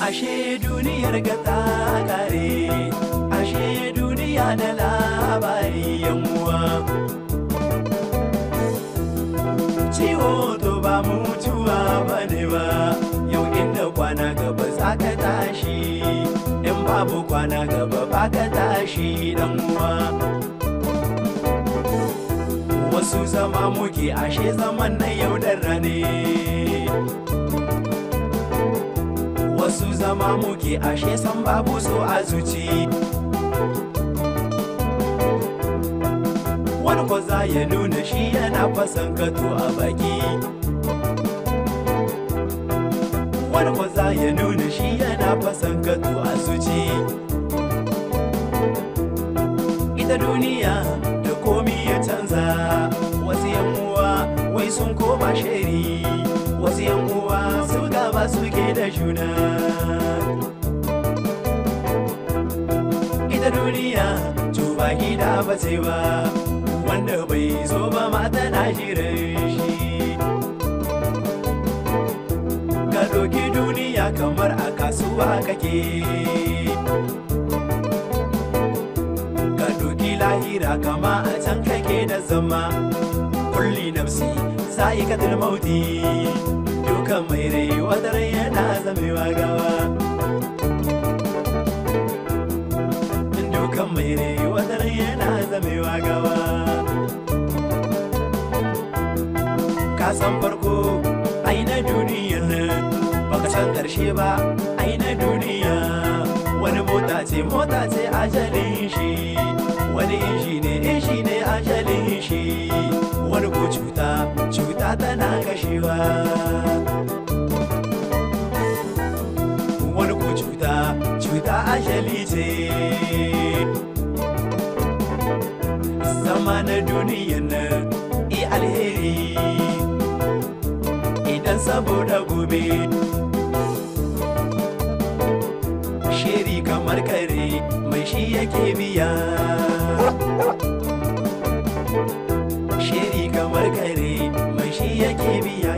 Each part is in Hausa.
Ashe duniyar gata kare, ashe duniya da labari yamuwa. Ciwo to ba mutuwa ba ne ba, yau inda kwana gaba za ka tashi, in babu kwana gaba ba ka tashi uwa. su zama muke ashe zaman na yau da rane wasu zama muke ashe san babu so a zuci wani kwa za ya nuna shi yana fasan kato a baki wani za ya nuna shi yana fasan kato a zuci ita duniya sun koma sheri wasu yan uwa su gaba suke da juna ita duniya tuba gida ba ce ba wanda bai zo ba mata tana jiran shi ka doki duniya kamar a kasuwa kake ka doki lahira kama a can kake da zama kulli nafsi sa'ikatul mauti dukan mai rai wadaran yana zamewa gawa dukan mai rai wadaran yana zamewa gawa ka san farko ai na duniyar nan baka san karshe ba aina duniya wani mota ce mota ce ajalin shi wani inshi ne inshi ne ajalin shi marko cuta cuta tana kashewa wani ko cuta cuta ashali ce zama na duniyan nan i alheri idan saboda gobe Sheri kamar kare mai shi yake biya baby, I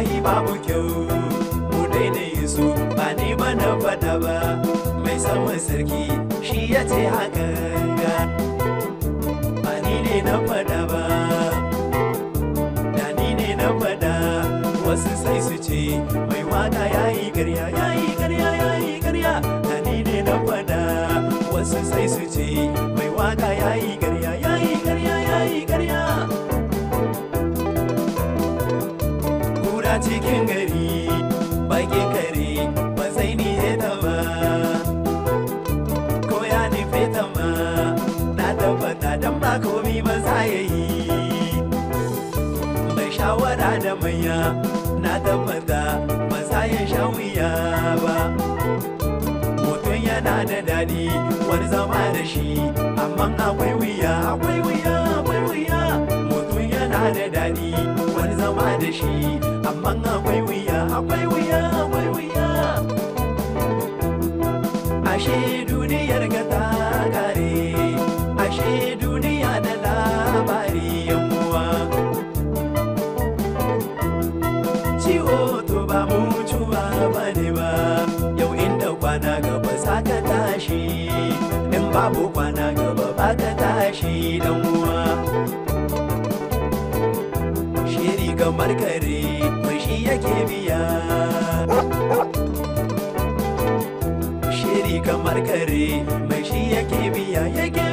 wallahi babu kyau mu daina su ba ni ba na faɗa ba mai saman sarki shi ya ce haka ba ni ne na faɗa ba da ni ne na faɗa wasu sai su ce mai wada ya yi garya manya na tabbata ba za ya sha wuya ba mutum yana da daɗi wani zama da shi amma akwai wuya akwai wuya akwai wuya mutum yana da daɗi wani zama da shi amma akwai wuya akwai wuya akwai wuya ashe kwana gaba za ka tashi in babu kwana gaba ba ka tashi dan uwa shiri kamar kare fushi yake biya shiri kamar kare mai shi yake biya yake